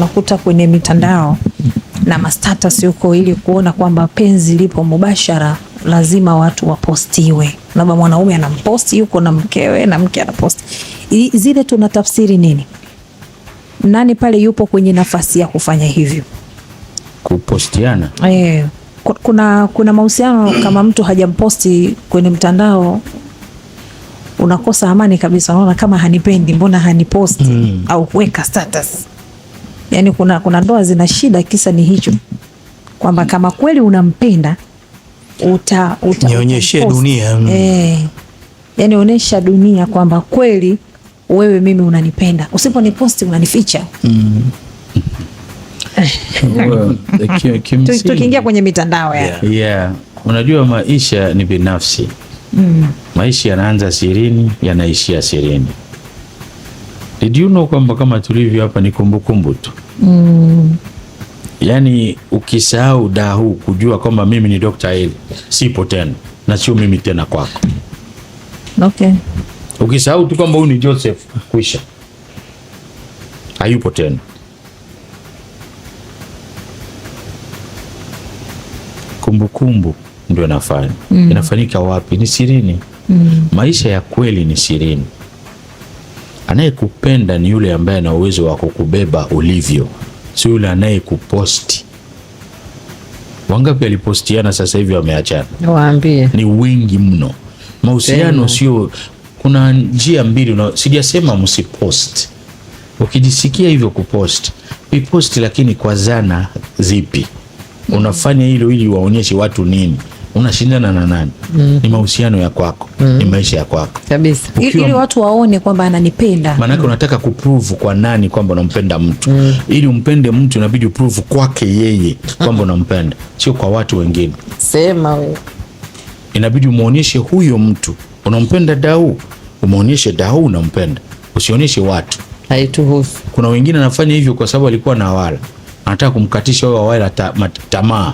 Unakuta kwenye mitandao na mastatus yuko, ili kuona kwamba penzi lipo mubashara, lazima watu wapostiwe, labda mwanaume anamposti yuko na mkewe na mke anaposti zile. Tunatafsiri nini? Nani pale yupo kwenye nafasi ya kufanya hivyo, kupostiana? E, kuna, kuna mahusiano kama mtu hajamposti kwenye mtandao unakosa amani kabisa, unaona kama hanipendi, mbona haniposti mm. au kuweka status Yani kuna, kuna ndoa zina shida, kisa ni hicho kwamba mm. kama kweli unampenda uta, uta, nionyeshe dunia mm. e, eh. yani onyesha dunia kwamba kweli wewe mimi unanipenda, usiponiposti unanificha mm. tukiingia kwenye mitandao ya yeah. Yeah. Unajua, maisha ni binafsi mm. Maisha yanaanza sirini yanaishia sirini. Did you know kwamba kama tulivyo hapa ni kumbukumbu tu mm. Yaani ukisahau daa huu kujua kwamba mimi ni Dr. Eli sipo tena na sio mimi tena kwako. Okay. Ukisahau tu kwamba huyu ni Joseph kuisha, hayupo tena. Kumbukumbu ndio inafanya mm. Inafanyika wapi? Ni sirini mm. Maisha ya kweli ni sirini. Anayekupenda ni yule ambaye ana uwezo wa kukubeba ulivyo, si yule anayekuposti. Wangapi alipostiana sasa hivi wameachana? Waambie, ni wengi mno. Mahusiano sio, kuna njia mbili. na Sijasema msipost, ukijisikia hivyo kupost pipost, lakini kwa zana zipi mm. unafanya hilo ili waonyeshe watu nini? unashindana na nani? mm. Ni mahusiano ya kwako mm. Ni mm-hmm. maisha ya kwako kabisa, ili watu waone kwamba ananipenda. Maanake mm. unataka kuprove kwa nani kwamba unampenda mtu mm. Ili umpende mtu inabidi uprove kwake yeye kwamba unampenda, sio kwa watu wengine. Sema we, inabidi umuonyeshe huyo mtu unampenda. Dau, umuonyeshe Dau unampenda, usionyeshe watu. Haituhusu. Kuna wengine anafanya hivyo kwa sababu alikuwa na wala anataka kumkatisha wewe wala tamaa,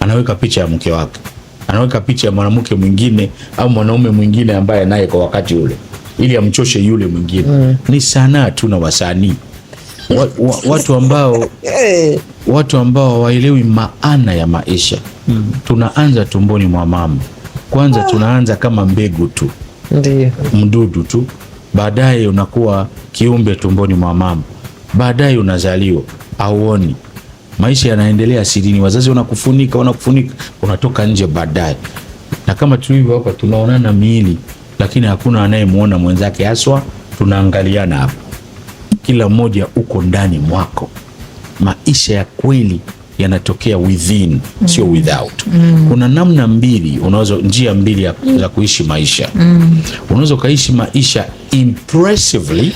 anaweka picha ya mke wake anaweka picha ya mwanamke mwingine au mwanaume mwingine ambaye naye kwa wakati ule ili amchoshe yule mwingine mm. Ni sanaa tu na wasanii wa, wa, watu ambao watu ambao hawaelewi maana ya maisha mm. Tunaanza tumboni mwa mama kwanza, ah. tunaanza kama mbegu tu, ndio mdudu tu, baadaye unakuwa kiumbe tumboni mwa mama, baadaye unazaliwa auoni maisha yanaendelea sirini, wazazi wanakufunika wanakufunika, unatoka nje baadaye. Na kama tulivyo hapa, tunaonana miili, lakini hakuna anayemwona mwenzake, haswa tunaangaliana hapa, kila mmoja uko ndani mwako. Maisha ya kweli yanatokea within mm. sio without mm. Kuna namna mbili, unaweza njia mbili mm. za kuishi maisha mm. Unaweza ukaishi maisha impressively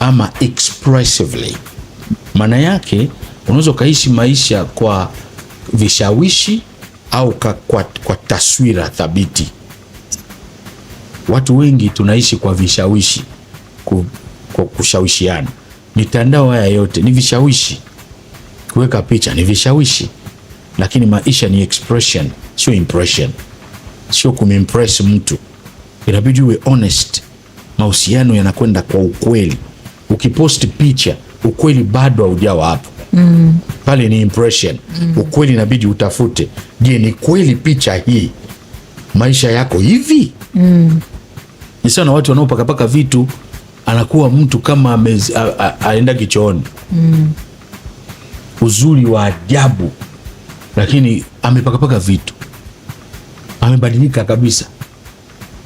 ama expressively, maana yake unaweza ukaishi maisha kwa vishawishi au kwa, kwa, kwa taswira thabiti. Watu wengi tunaishi kwa vishawishi ku, kwa kushawishiana. Mitandao haya yote ni vishawishi, kuweka picha ni vishawishi, lakini maisha ni expression, sio impression, sio kumimpress mtu. Inabidi uwe honest, mahusiano yanakwenda kwa ukweli. Ukiposti picha ukweli bado haujawa hapo mm. Pale ni impression mm. Ukweli inabidi utafute, je, ni kweli picha hii maisha yako hivi mm. Ni sana watu wanaopakapaka vitu, anakuwa mtu kama aenda kichooni mm. Uzuri wa ajabu, lakini amepakapaka vitu, amebadilika kabisa.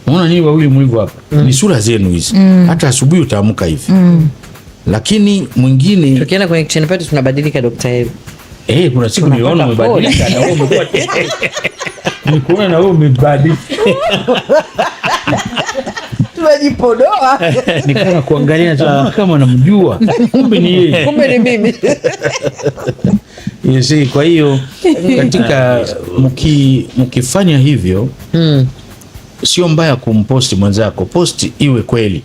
Unaona nini wawili mlivyo hapa mm. Ni sura zenu hizi mm. Hata asubuhi utaamka hivi mm lakini mwingine tukienda kwenye kitchen party tunabadilika Dr. Hebu. Eh, kuna siku niliona umebadilika na wewe umekuwa nikuona na wewe umebadilika. Tunajipodoa. Nikaanza kuangalia ah, kama namjua. Kumbe ni yeye. Kumbe ni mimi. Yes, kwa hiyo katika mki, mkifanya hivyo mm. Sio mbaya kumposti mwenzako, posti iwe kweli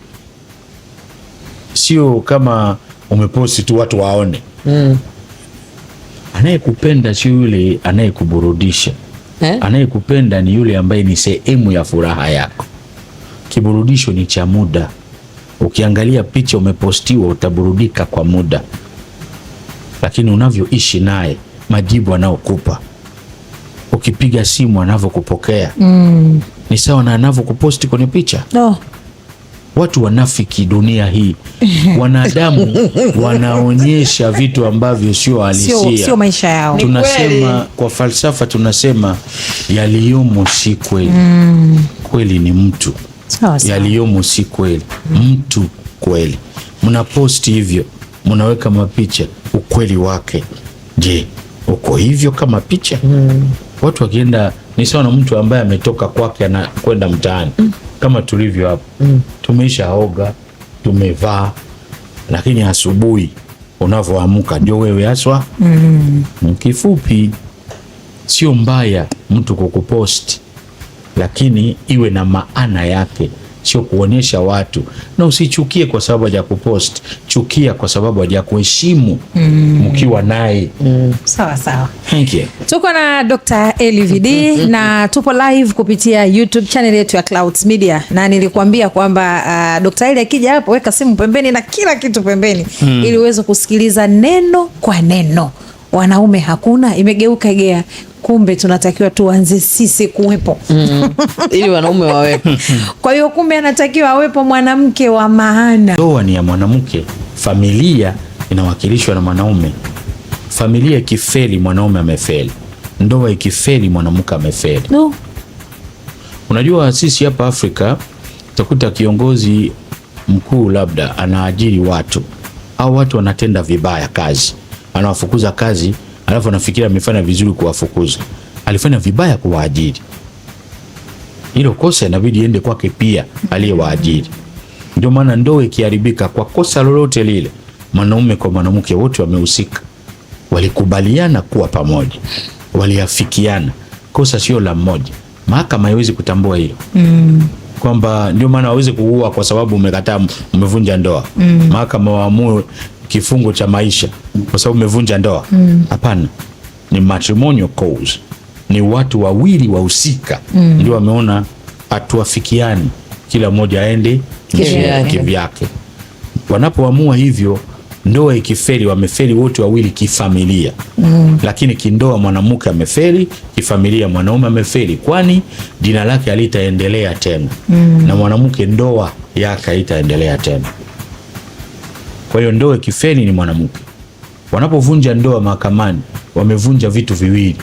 sio kama umeposti tu watu waone mm. Anayekupenda sio yule anayekuburudisha eh? Anayekupenda ni yule ambaye ni sehemu ya furaha yako. Kiburudisho ni cha muda. Ukiangalia picha umepostiwa, utaburudika kwa muda, lakini unavyoishi naye, majibu anayokupa, ukipiga simu anavyokupokea mm. ni sawa na anavyokuposti kwenye picha no watu wanafiki dunia hii, wanadamu wanaonyesha vitu ambavyo sio halisia, sio maisha yao. Tunasema kwa falsafa tunasema yaliyomo si kweli. Mm. Kweli ni mtu Yaliyomo si kweli. Mm. Mtu kweli, mnaposti hivyo, mnaweka mapicha, ukweli wake je, uko hivyo kama picha? Mm. Watu wakienda ni sawa na mtu ambaye ametoka kwake anakwenda mtaani. Mm kama tulivyo hapo mm. Tumeshaoga, tumevaa, lakini asubuhi unavyoamka ndio wewe haswa mm. Kifupi sio mbaya mtu kukuposti, lakini iwe na maana yake sio kuonesha watu, na usichukie kwa sababu ya kupost, chukia kwa sababu ya kuheshimu mm. mkiwa mm. naye mm. sawa sawa. Thank you. Tuko na Dr. Elivd mm-hmm. na tupo live kupitia YouTube channel yetu ya Clouds Media, na nilikuambia kwamba uh, Dr. Eli akija hapo, weka simu pembeni na kila kitu pembeni mm. ili uweze kusikiliza neno kwa neno wanaume hakuna, imegeuka gea kumbe tunatakiwa tuanze sisi kuwepo mm. ili wanaume wawepo. Kwa hiyo kumbe anatakiwa awepo mwanamke wa maana. Ndoa ni ya mwanamke, familia inawakilishwa na mwanaume. Familia ikifeli, mwanaume amefeli. Ndoa ikifeli, mwanamke amefeli. No. Unajua sisi hapa Afrika utakuta kiongozi mkuu labda anaajiri watu au watu wanatenda vibaya kazi, anawafukuza kazi alafu anafikiri amefanya vizuri kuwafukuza. Alifanya vibaya kuwaajiri. Hilo kosa inabidi iende kwake pia aliyewaajiri. Ndio maana ndoa ikiharibika kwa kosa lolote lile, mwanaume kwa mwanamke, wote wamehusika. Walikubaliana kuwa pamoja, waliafikiana. Kosa sio la mmoja. Mahakama haiwezi kutambua hilo mm. kwamba ndio maana waweze kuua kwa sababu umekataa, umevunja ndoa mm. Mahakama waamue kifungo cha maisha kwa sababu umevunja ndoa. Mm. Hapana, mm. ni matrimonial cause, ni watu wawili wahusika mm. ndio wameona atuafikiani kila mmoja aende kivyake. Wanapoamua hivyo, ndoa ikifeli, wamefeli wote wawili kifamilia mm. Lakini kindoa mwanamke amefeli, kifamilia mwanaume amefeli, kwani jina lake halitaendelea tena mm. na mwanamke ndoa yake haitaendelea tena. Kwa hiyo ndoa ikifeli ni mwanamke Wanapovunja ndoa mahakamani, wamevunja vitu viwili,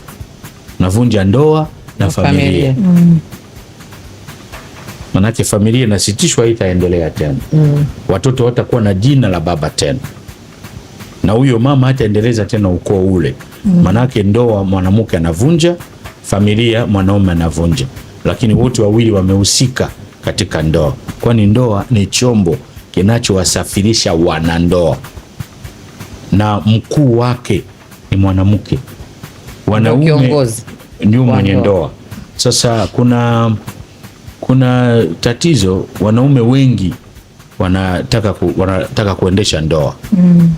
unavunja ndoa na familia, mm. manake familia inasitishwa, itaendelea tena mm. watoto watakuwa na jina la baba tena, na huyo mama hataendeleza tena ukoo ule mm. manake ndoa mwanamke anavunja, familia mwanaume anavunja, lakini wote wawili wamehusika katika ndoa, kwani ndoa ni chombo kinachowasafirisha wanandoa na mkuu wake ni mwanamke, wanaume ndio mwenye ndoa. Sasa kuna kuna tatizo, wanaume wengi wanataka, ku, wanataka kuendesha ndoa mm.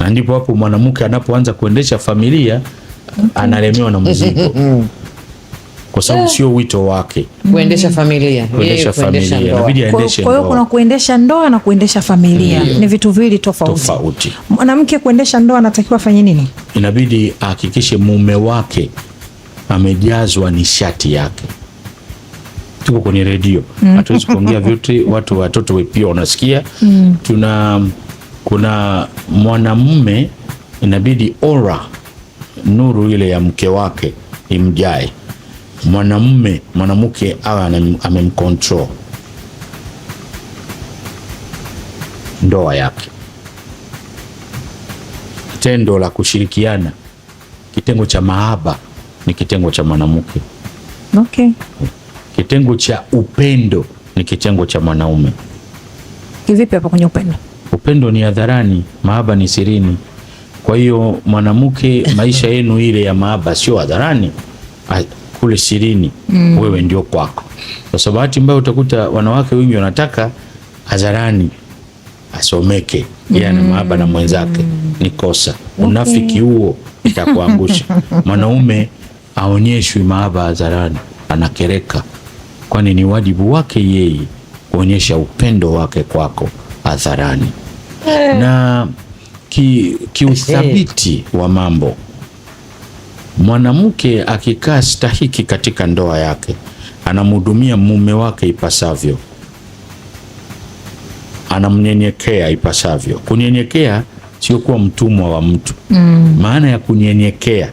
na ndipo hapo mwanamke anapoanza kuendesha familia analemewa na mzigo kwa sababu yeah, sio wito wake kuendesha familia, kuendesha familia inabidi aendeshe. Kwa hiyo kuna kuendesha ndoa na kuendesha familia mm. ni vitu viwili tofauti tofauti. Mwanamke kuendesha ndoa anatakiwa afanye nini? Inabidi ahakikishe mume wake amejazwa nishati yake. Tuko kwenye redio mm. hatuwezi mm, kuongea vyote, watu watoto pia wanasikia mm. Tuna kuna mwanamume inabidi ora nuru ile ya mke wake imjae mwanamume mwanamke awe amemcontrol ndoa yake. Tendo la kushirikiana, kitengo cha mahaba ni kitengo cha mwanamke okay. Kitengo cha upendo ni kitengo cha mwanaume. Kivipi hapa kwenye upendo? Upendo ni hadharani, mahaba ni sirini. Kwa hiyo mwanamke, maisha yenu ile ya mahaba sio hadharani kule sirini mm. wewe ndio kwako. Sasa bahati mbaya utakuta wanawake wengi wanataka hadharani asomeke yeye ana mm. mahaba na mwenzake, ni kosa. Unafiki huo itakuangusha. Mwanaume aonyeshwi mahaba hadharani, anakereka, kwani ni wajibu wake yeye kuonyesha upendo wake kwako hadharani eh. na ki, kiuthabiti eh. wa mambo Mwanamke akikaa stahiki katika ndoa yake, anamhudumia mume wake ipasavyo, anamnyenyekea ipasavyo. Kunyenyekea sio kuwa mtumwa wa mtu mm. Maana ya kunyenyekea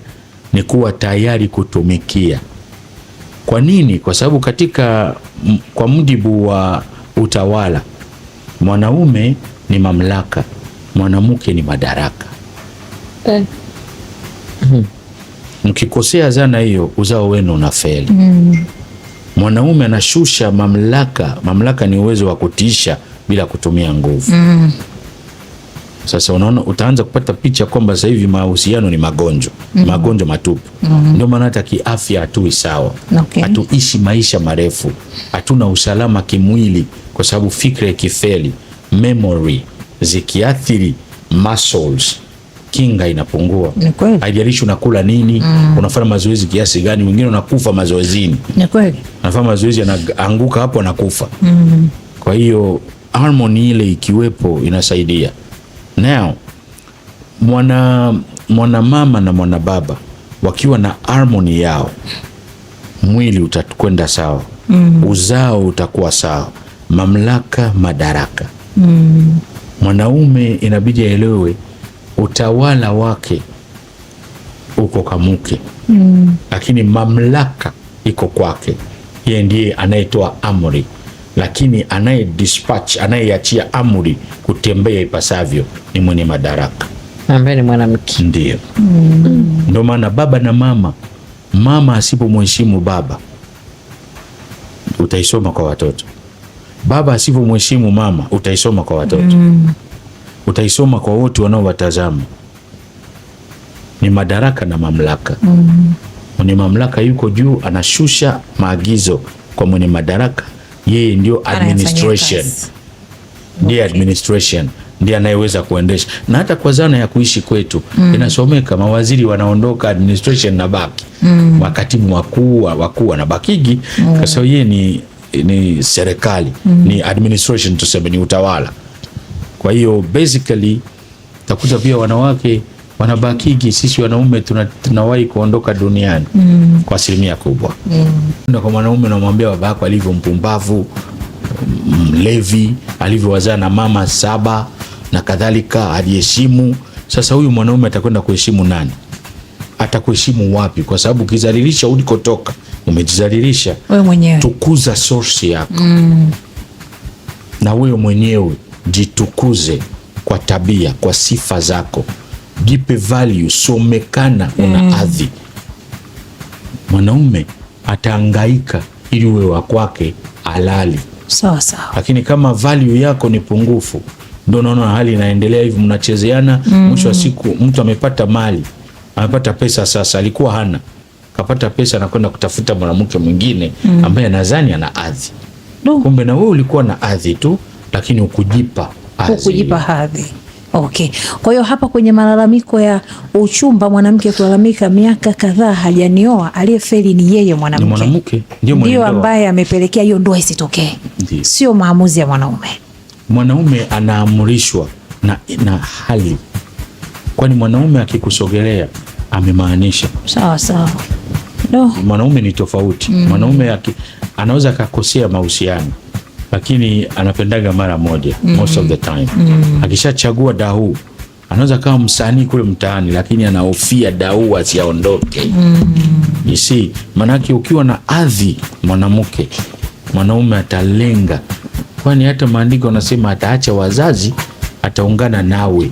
ni kuwa tayari kutumikia. Kwa nini? Kwa sababu katika kwa mujibu wa utawala, mwanaume ni mamlaka, mwanamke ni madaraka eh. Hmm mkikosea zana hiyo, uzao wenu unafeli. mm. Mwanaume anashusha mamlaka. Mamlaka ni uwezo wa kutiisha bila kutumia nguvu. mm. Sasa unaona, utaanza kupata picha kwamba sasa hivi mahusiano ni magonjwa mm. magonjwa matupu mm. Ndio maana hata kiafya hatui sawa, okay. Hatuishi maisha marefu, hatuna usalama kimwili, kwa sababu fikra ikifeli, memory zikiathiri muscles kinga inapungua. Haijalishi unakula nini, mm. unafanya mazoezi kiasi gani, wengine unakufa mazoezini. Ni kweli. Anafanya mazoezi anaanguka hapo anakufa. Mm. Kwa hiyo harmony ile ikiwepo inasaidia. Now mwana mwana mama na mwana baba wakiwa na harmoni yao, mwili utakwenda sawa. Mm. Uzao utakuwa sawa. Mamlaka, madaraka. Mm. Mwanaume inabidi aelewe utawala wake uko Kamuke mm. Lakini mamlaka iko kwake, yeye ndiye anayetoa amri, lakini anaye dispatch, anayeachia amri kutembea ipasavyo ni mwenye madaraka ambaye ni mwanamke, ndio mm. ndio Maana baba na mama, mama asipomheshimu baba, utaisoma kwa watoto, baba asipomheshimu mama, utaisoma kwa watoto mm utaisoma kwa wote wanaowatazama, ni madaraka na mamlaka. Mm. Mwenye mamlaka yuko juu, anashusha maagizo kwa mwenye madaraka, yeye ndio administration, ndiye administration ndiye anayeweza kuendesha. Na hata kwa zana ya kuishi kwetu mm. inasomeka mawaziri wanaondoka, administration na baki mm. makatibu wakuu wakuu bakigi mm. kwa sababu yeye ni, ni serikali mm. ni administration, tuseme ni utawala. Kwa hiyo basically takuta pia wanawake wanabakigi, sisi wanaume tunawahi kuondoka duniani mm. kwa asilimia kubwa mm. kwa mwanaume namwambia baba yako alivyo mpumbavu, mlevi, alivyowazaa na mama saba na kadhalika, aliheshimu. Sasa huyu mwanaume atakwenda kuheshimu nani? Atakuheshimu wapi? Kwa sababu ukizalilisha ulikotoka umejizalilisha wewe mwenyewe. Tukuza sosi yako mm. na wewe mwenyewe jitukuze kwa tabia, kwa sifa zako, jipe value, somekana una mm. adhi Mwanaume ataangaika ili uwe wa kwake alali sawa sawa, lakini kama value yako ni pungufu, ndio naona hali inaendelea hivi, mnachezeana mm. Mwisho wa siku mtu amepata mali, amepata pesa, sasa alikuwa hana kapata pesa na kwenda kutafuta mwanamke mwingine mm. ambaye nadhani ana adhi no. Kumbe na wewe ulikuwa na adhi tu lakini ukujipa ukujipa hadhi. Okay. Kwa hiyo hapa kwenye malalamiko ya uchumba mwanamke kulalamika miaka kadhaa hajanioa, aliyefeli ni yeye mwanamke. Mwanamke ndio ambaye amepelekea hiyo ndoa isitokee. Sio maamuzi ya mwanaume. Mwanaume anaamrishwa na, na hali. Kwani mwanaume akikusogelea amemaanisha. Sawa sawa. No. Mwanaume ni tofauti. Mm. Mwanaume anaweza akakosea mahusiano lakini anapendaga mara moja mm -hmm. most of the time mm -hmm. akishachagua dau anaweza kama msanii kule mtaani, lakini anahofia dau asiaondoke mm -hmm. maanake ukiwa na adhi mwanamke, mwanaume atalenga, kwani hata maandiko anasema ataacha wazazi, ataungana nawe.